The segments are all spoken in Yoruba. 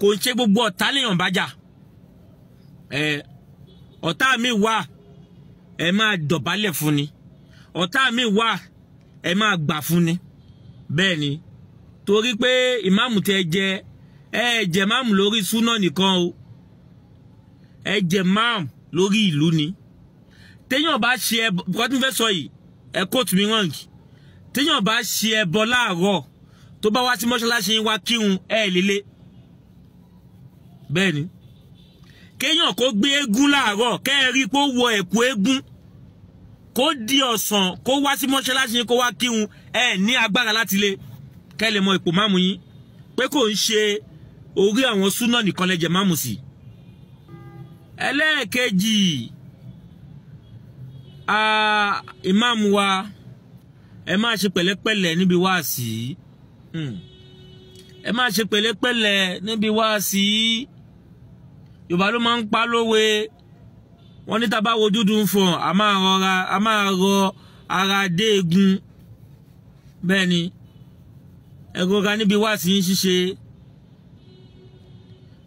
kò ń ṣe gbogbo ọ̀tá lèèyàn bá jà ẹ ọ̀tá mi wà ẹ máa dọ̀bálẹ̀ fún ni ọ̀tá mi wà ẹ máa gbà fún ni bẹ́ẹ̀ ni torí pé ìmáàmù tẹ jẹ ẹ jẹ máàmù lórí súná nìkan o ẹ jẹ máàmù lórí ìlú ni téèyàn bá ṣe ẹ bọ́ tí mo fẹ́ sọ yìí ẹ kóòtù mi wọ̀nyí téèyàn bá ṣe ẹbọ láàárọ̀ tó bá wá sí mọ́ṣáláṣí wa kírun ẹ lélẹ̀ bẹ́ẹ̀ ni kéèyàn kó gbé eégún láàárọ̀ kẹ́ẹ̀rí kó wọ ẹ̀kú eégún kó di ọ̀sán kó wá sí mọ́ṣáláṣí kó wá kírun ẹ ní agbára láti lé kẹ́ lè mọ ipò máàmù yín pé kò ń ṣe orí àwọn súnà nìkan lẹ́jẹ̀ máàmù sí. ẹlẹ́ẹ̀kejì ìmáàmù wa ẹ máa ṣe pẹ̀lẹ́pẹ̀lẹ́ níbi wáàsí hmm. ẹ máa ṣe pẹ̀lẹ́pẹ̀lẹ́ níbi wáàsí yorùbá ló máa ń pa lówe wọn ní tábà wo dúdú ń fọ a máa rọra a máa rọ ara dé egun bẹ́ẹ̀ ni ẹ̀rọra níbi wá sí ń ṣíṣe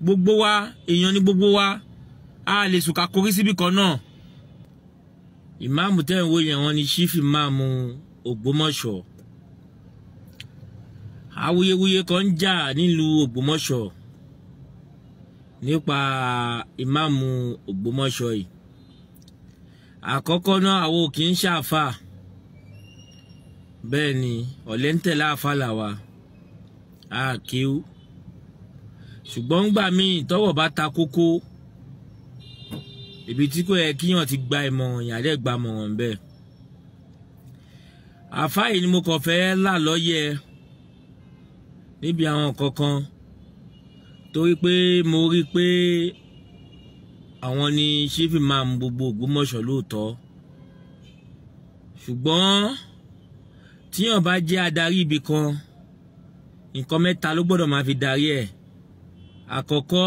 gbogbo wa èèyàn ni gbogbo wa a lè sùkà korí síbi kan náà ìmáàmù tẹ́ yẹn wọn ni chief ìmáàmù Ògbómọ̀ṣọ́ awuyewuye kan ń jà nílùú Ògbómọ̀ṣọ́ nípa ìmáàmù Ògbómọ̀ṣọ́ yìí àkọ́kọ́ náà àwọn kì í ṣàfà bẹ́ẹ̀ ni ọ̀lẹ́ ń tẹ̀lé àfà làwà á kéwú ṣùgbọ́n ńgbà míì tọ́wọ̀ bá ta kókó ibi tí kò yẹ kíyàn ti gba ìmọ̀ràn yàrá ẹ̀ gba mọ̀ràn bẹ́ẹ̀ àfà yìí ni mo kàn fẹ́ là lọ́yẹ̀ níbi àwọn kankan torí pé mo rí i pé àwọn ni ṣífì máa ń gbogbo Ògbómọ̀ṣọ́ lóòótọ́ ṣùgbọ́n tíyàn bá jẹ́ adarí ibì kan nǹkan mẹ́ta ló gbọ́dọ̀ máa fi darí ẹ̀ àkọ́kọ́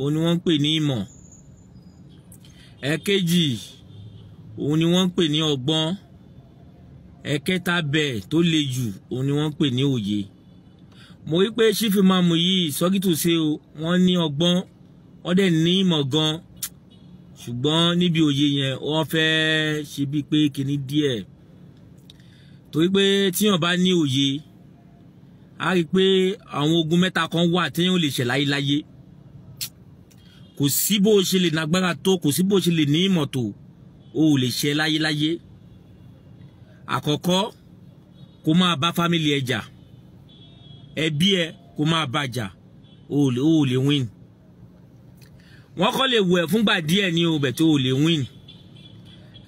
òun ni wọ́n ń pè ní ìmọ̀ ẹ̀kejì òun ni wọ́n ń pè ní ọgbọ́n ẹ̀kẹta bẹ́ẹ̀ tó le jù òun ni wọ́n ń pè ní òye mo rí pé sífì máa mú yìí sọ́kítù ṣe o wọ́n ní ọgbọ́n wọ́n dẹ̀ ní ìmọ̀ gan ṣùgbọ́n níbi òye yẹn wọ́n fẹ́ ṣe bíi pé kinní díẹ̀ torí pé tíyàn bá ní òye a rí i pé àwọn ogun mẹ́ta kan wà téèyàn lè ṣẹ̀ láyéláyé kò sí bó ṣe lè nágbára tó kò sí bó ṣe lè ní ìmọ̀ tó o ò lè ṣẹ̀ láyéláyé àkọ́kọ́ kó máa bá fámìlì ẹ̀ jà. E ẹbí ẹ kó máa bàjá o ò lè win wọ́n kọ́ lè wù ẹ́ fúngbà díẹ̀ ní o bẹ̀ tó o lè win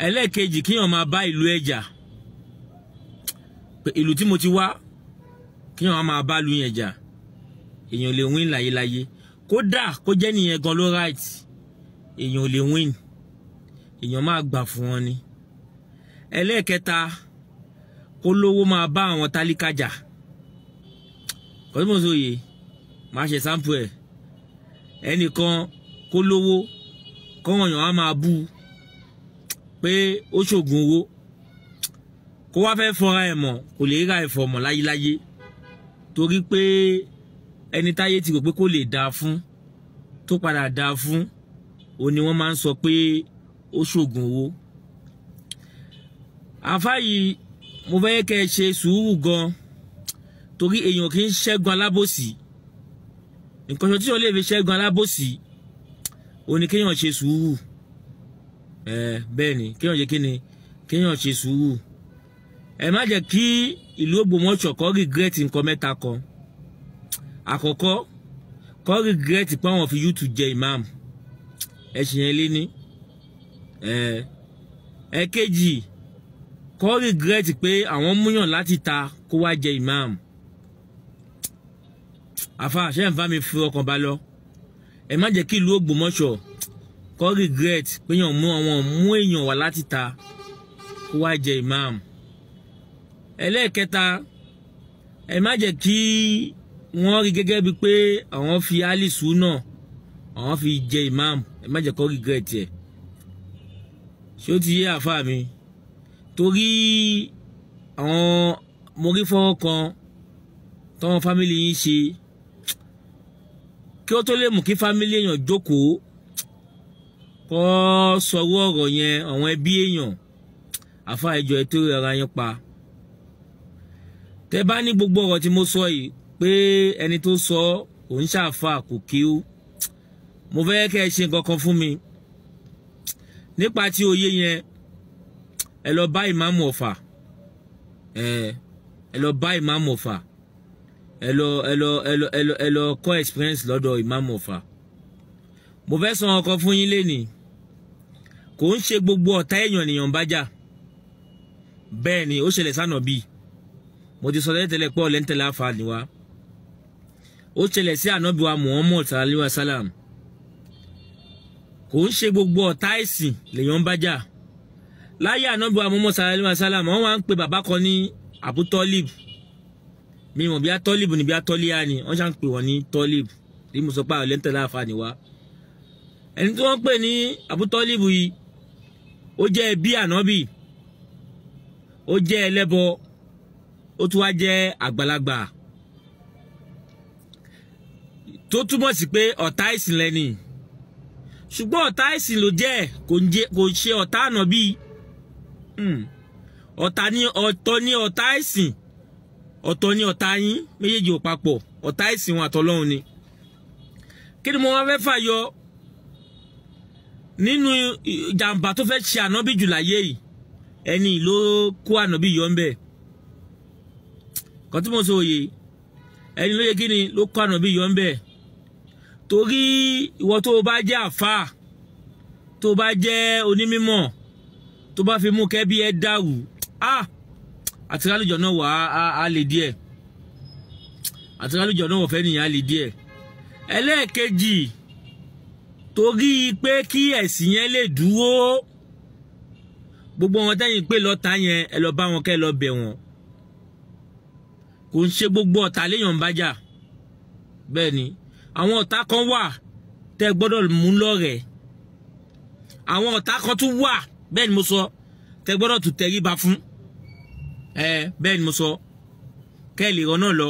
ẹlẹ́ẹ̀kejì kíyàn máa bá ìlú ẹ̀jà ìlú tí mo ti wá kíyàn máa bá lu yẹn jà èèyàn lè win láyéláyé kódà kó jẹ́ nìyẹn gan ló right èèyàn lè win èèyàn máa gbà fún wọn ni ẹlẹ́ẹ̀kẹta kó lówó máa bá àwọn tálíkà kọ́símọ̀ sóye máa ṣe sáǹpù ẹ̀ ẹnìkan kó lówó kọ́wọ́n yàn á máa bú pé ó ṣògùn owó kó wá fẹ́ fọra ẹ̀ mọ̀ kò lè ra ẹ̀fọ́ mọ̀ láyéláyé torí pé ẹni táyé ti rò pé kó lè dáa fún tó padà dáa fún ó ní wọ́n máa ń sọ pé ó ṣògùn owó àfáà yìí mo fẹ́ kẹ́ ẹ ṣe sùúrù gan-an torí èèyàn kì í ṣẹ́gun alábòsí nǹkan ṣe tí yóò lè fi ṣẹ́gun alábòsí ó ní kéèyàn ṣe sùúrù ẹ bẹ́ẹ̀ ni kéèyàn ṣe kíni kéèyàn ṣe sùúrù ẹ má jẹ́ kí ìlú Ògbómọ̀ṣọ́ kó regret nǹkan mẹ́ta kan àkọ́kọ́ kó regret pé àwọn fi YouTube jẹ imam ẹ ṣe yẹn lé ní ẹ ẹ̀kejì kó regret pé àwọn múyàn láti ta kó wá jẹ imam àfa àṣẹ ń bá mi fi ọkàn bá lọ ẹ má jẹ́ kí ìlú Ògbómọ̀ṣọ́ kọ́ regret pé yàn mú àwọn mú èèyàn wá láti ta kó wá jẹ imam ẹlẹ́ẹ̀kẹta ẹ má jẹ́ kí wọ́n rí gẹ́gẹ́ bíi pé àwọn fi alisu náà àwọn fi jẹ imam ẹ má jẹ́ kọ́ regret ẹ̀ ṣé ó ti yé àfa mi torí àwọn mo rí fọ́wọ́ kan tọ́wọ́n fámìlì yín ṣe kí ó tó lè mú kí fámílì èèyàn jókòó kọ́ sọwọ́ ọ̀rọ̀ yẹn àwọn ẹbí èèyàn àfa ìjọ ètò ìrora yẹn pa tẹ bá ní gbogbo ọ̀rọ̀ tí mo sọ yìí pé ẹni tó sọ òun ṣàfà kò kíú mo fẹ́ kẹ́ ẹ ṣe nǹkan kan fún mi nípa ti òye yẹn ẹ lọ bá ìmáàmù ọ̀fà ẹ lọ bá ìmáàmù ọ̀fà ẹ lọ ẹ lọ ẹ lọ ẹ lọ ẹ lọ kọ́ experience lọ́dọ̀ Imam Ọ̀fà mo fẹ́ sọ ọkọ fún yín lénìí kò ń ṣe gbogbo ọ̀tá èèyàn nìyàn bá jà bẹ́ẹ̀ ni ó ṣẹlẹ̀ sànà bíi mo ti sọ tẹ́lẹ̀ pé ọ̀lẹ́ńtẹ̀lẹ̀ àfààní wa ó ṣẹlẹ̀ sí ànábì wa Muhammad alayhi wa sallam kò ń ṣe gbogbo ọ̀tá ẹ̀sìn lèèyàn bá jà láyé ànábì wa Muhammad alayhi wa sallam wọ́n wá ń pe bàbá kan ní Abu mi mọ̀ bí a tọ́lìbù ni bí a tọ́líà ni wọ́n ṣàn pè wọ́n ní tọ́lìbù tí mo sọ pé àwọn lẹ́ńtẹ̀ láàfà ni wá. ẹni tí wọ́n pè ní Abu Tọ́lìbù yìí ó jẹ́ ẹbí ànábì ó jẹ́ ẹlẹ́bọ ó tún wá jẹ́ àgbàlagbà tó túmọ̀ sí pé ọ̀tá ìsìn lẹ́ni ṣùgbọ́n ọ̀tá ìsìn ló jẹ́ kò ṣe ọ̀tá ànábì hmm. ọ̀tá ni ọ̀tá ìsìn ọ̀tọ̀ ni ọ̀tá yín méjèèjì ò papọ̀ ọ̀tá ìsìn wọn àtọlọ́run ni kí ni mo wá fẹ́ fàyọ nínú ìjàmbá tó fẹ́ ṣe ànábì jù láyé yìí ẹni ló kó ànábì yọ ń bẹ̀ kan tí mo sọ òye ẹni ló yẹ kí ni ló kó ànábì yọ ń bẹ̀ torí ìwọ tó o bá jẹ́ àfáà tó o bá jẹ́ onímímọ̀ tó bá fi mú kẹ́bí ẹ dàrú ah! àti rálùjọ náà wà á lè díẹ̀ àti rálùjọ náà wọ̀ fẹ́ nìyẹn á lè díẹ̀ ẹlẹ́ẹ̀kejì torí pé kí ẹ̀sìn yẹn lè dúró gbogbo wọn tẹ́yìn pé lọ́ta yẹn ẹ lọ bá wọn kẹ́ lọ bẹ̀ wọ́n kò ń ṣe gbogbo ọ̀tá léèyàn bá jà bẹ́ẹ̀ ni àwọn ọ̀tá kan wà tẹ́ gbọ́dọ̀ mú lọ́rẹ̀ẹ́ àwọn ọ̀tá kan tún wà bẹ́ẹ̀ ni mo sọ tẹ́ gbọ́dọ̀ tún tẹríba fún ẹ bẹ́ẹ̀ ni mo sọ kẹ́ ẹ lè rọ náà lọ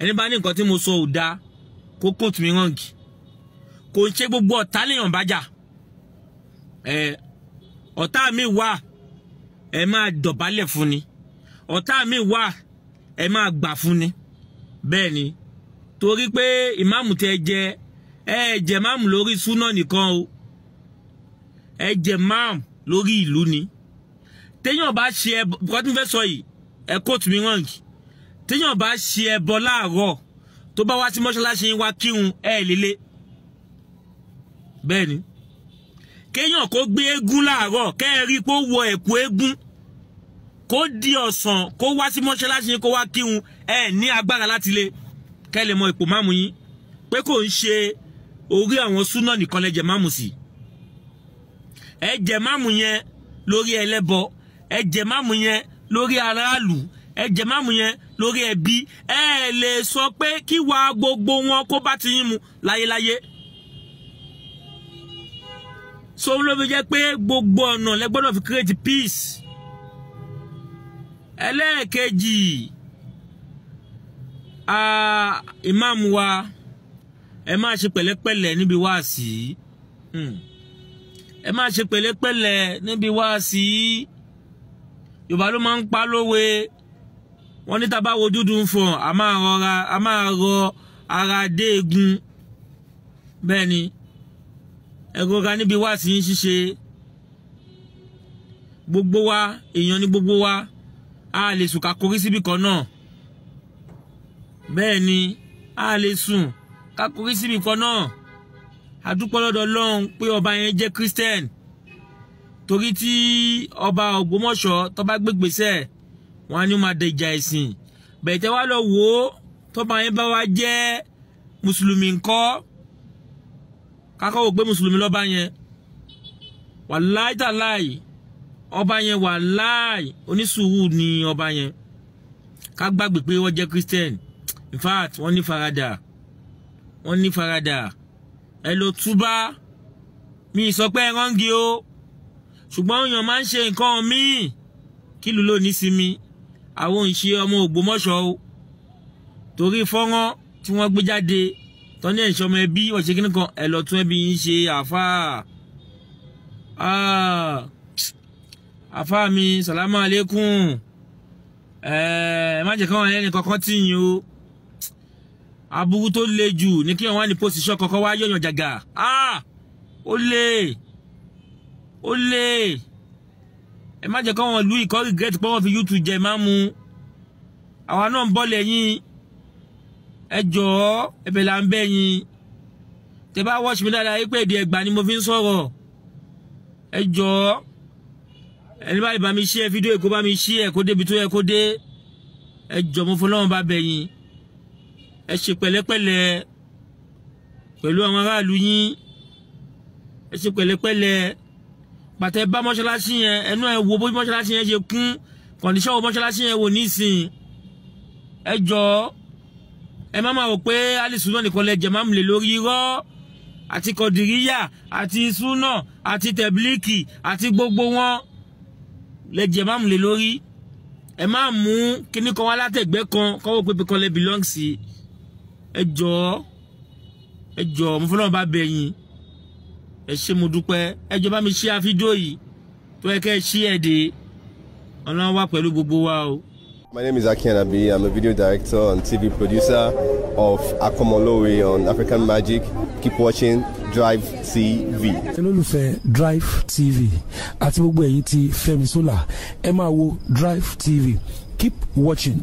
ẹni bá ní nǹkan tí mo sọ ò dáa kó kóòtù mi ràǹgì kò ń ṣe gbogbo ọ̀tá lèèyàn bá jà ẹ ọ̀tá mi wà ẹ máa dọ̀bálẹ̀ fún ni ọ̀tá mi wà ẹ máa gbà fún ni bẹ́ẹ̀ ni torí pé ìmáàmù tẹ jẹ ẹ jẹ máàmù lórí súná nìkan o ẹ jẹ máàmù lórí ìlú ni téèyàn bá ṣe ẹbọ bùkọ́ tí mo fẹ́ sọ yìí ẹ kóòtù mi wrong téèyàn bá ṣe ẹbọ láàárọ̀ tó bá wá sí mọ́ṣáláṣí wa kírun ẹ lélé bẹ́ẹ̀ ni kéèyàn kó gbé eégún láàárọ̀ kẹ́ ẹ rí kó wọ ẹ̀kú eégún kó di ọ̀sán kó wá sí mọ́ṣáláṣí kó wá kírun ẹ ní agbára láti lé kẹ́ lè mọ ipò máàmù yín pé kò ń ṣe orí àwọn súnà nìkan lẹ́jẹ̀ máàmù sí ẹ jẹ máàmù yẹn lórí ẹlẹ́bọ ẹ jẹ máàmù yẹn lórí aráàlú ẹ jẹ máàmù yẹn lórí ẹbí ẹ lè sọ pé kí wà gbogbo wọn kó bá ti yín mu láyéláyé so ló fi jẹ́ pé gbogbo ọ̀nà lẹ gbọ́dọ̀ fi create peace ẹlẹ́ẹ̀kejì ìmáàmù wa ẹ máa ṣe pẹ̀lẹ́pẹ̀lẹ́ níbi wáàsí hmm. ẹ máa ṣe pẹ̀lẹ́pẹ̀lẹ́ níbi wáàsí yorùbá ló máa ń pa lówe wọ́n ní tábà wo dúdú ń fọ̀n a máa rọra a máa rọ ara dé egun bẹ́ẹ̀ ni ẹ̀rọ ra níbi wá sí ṣíṣe gbogbo wa èèyàn ni gbogbo wa a lè sùn ká síbi kan náà bẹ́ẹ̀ ni a lè sùn ká síbi kan náà a lọ́dọ̀ Ọlọ́run pé ọba yẹn jẹ́ Christian torí tí ọba Ògbómọ̀ṣọ́ tó bá gbégbèsè wọn ni ó máa dẹjà ẹ̀sìn bẹ̀tẹ̀ wá lọ wò ó tọ́ba yẹn bá wá jẹ́ mùsùlùmí ńkọ́ kákọ́ pé mùsùlùmí lọ́ba yẹn wàláì tàláì ọba yẹn wàláì onísùúrù ni ọba yẹn ká gbàgbé pé wọ́n jẹ́ christian in fact wọ́n ní farada wọ́n ní faradà ẹ lọ túbá mi ì sọ pé ẹ rọ́ǹgì o ṣùgbọ́n èèyàn máa ń ṣe nǹkan míì kílù ló ní sinmi àwọn ò ń ṣe ọmọ Ògbómọ̀ṣọ́ o torí fọ́nrán tí wọ́n gbé jáde tọ́ni ẹ̀ṣọ́ ọmọ ẹbí ọ̀ṣẹ́ kínní kan ẹ̀ lọ tún ẹbí yín ṣe àáfàá ah, àáfàá mi sàlámù alẹ́kùn eh, ẹ má jẹ́ kí wọ́n lẹ́nu kankan tì yín o aburú tó le jù ní kí wọ́n wá ní pòsíṣọ́ kankan wá yọ̀yàn jàgà ah, ó lè ó lè ẹ má jẹ́ kọ́ wọn lu ìkọ́ regret pé wọ́n fi youtube jẹ máa mu àwa náà ń bọ́ lẹ́yìn ẹ jọ̀ọ́ ẹ̀bẹ̀ là ń bẹ̀ yín tẹ bá watch mi dáadáa yí pé èdè ẹ̀gbà ni mo fi ń sọ̀rọ̀ ẹ jọ̀ọ́ ẹni bá lè bá mi share fídíò èkó bá mi share kó débi tó yẹ kó dé ẹ jọ̀ọ́ mo fọlọ́wọ́n bá bẹ̀ yín ẹ ṣe pẹ̀lẹ́pẹ̀lẹ́ pẹ̀lú àwọn aráàlú yín ẹ ṣe pẹ̀lẹ́pẹ̀lẹ́ bàtẹ bá mọ́ṣáláṣí yẹn ẹnu ẹ wo bó mọ́ṣáláṣí yẹn ṣe kún kọ̀ǹdíṣọ́ wo mọ́ṣáláṣí yẹn wò nísìn ẹ jọ ẹ má máa wò pé alisuna nìkan lẹ jẹ máa ń lè lórí irọ́ àti kọ̀dìríyà àti suna àti tẹ̀blíkì àti gbogbo wọn lẹ jẹ máa ń lórí ẹ má mú kíní kan wá látẹ̀gbẹ́ kan kọ́wọ́ pépé kan lẹ belong sí ẹ jọ ẹ jọ mo fọlọ́run bá bẹ̀ ẹ mo dúpẹ́ ẹ bá mi ṣí àfídíò yìí tó yẹ ṣí ẹ̀ dé ọlọ́run wà gbogbo wa o. My name is Aki Anabi. I'm a video director and TV producer of Akomolowe on African Magic. Keep watching Drive TV. olólùfẹ́ Drive TV àti gbogbo ẹ̀yin ti Fẹ́mi Sola ẹ máa wo Drive TV. Keep watching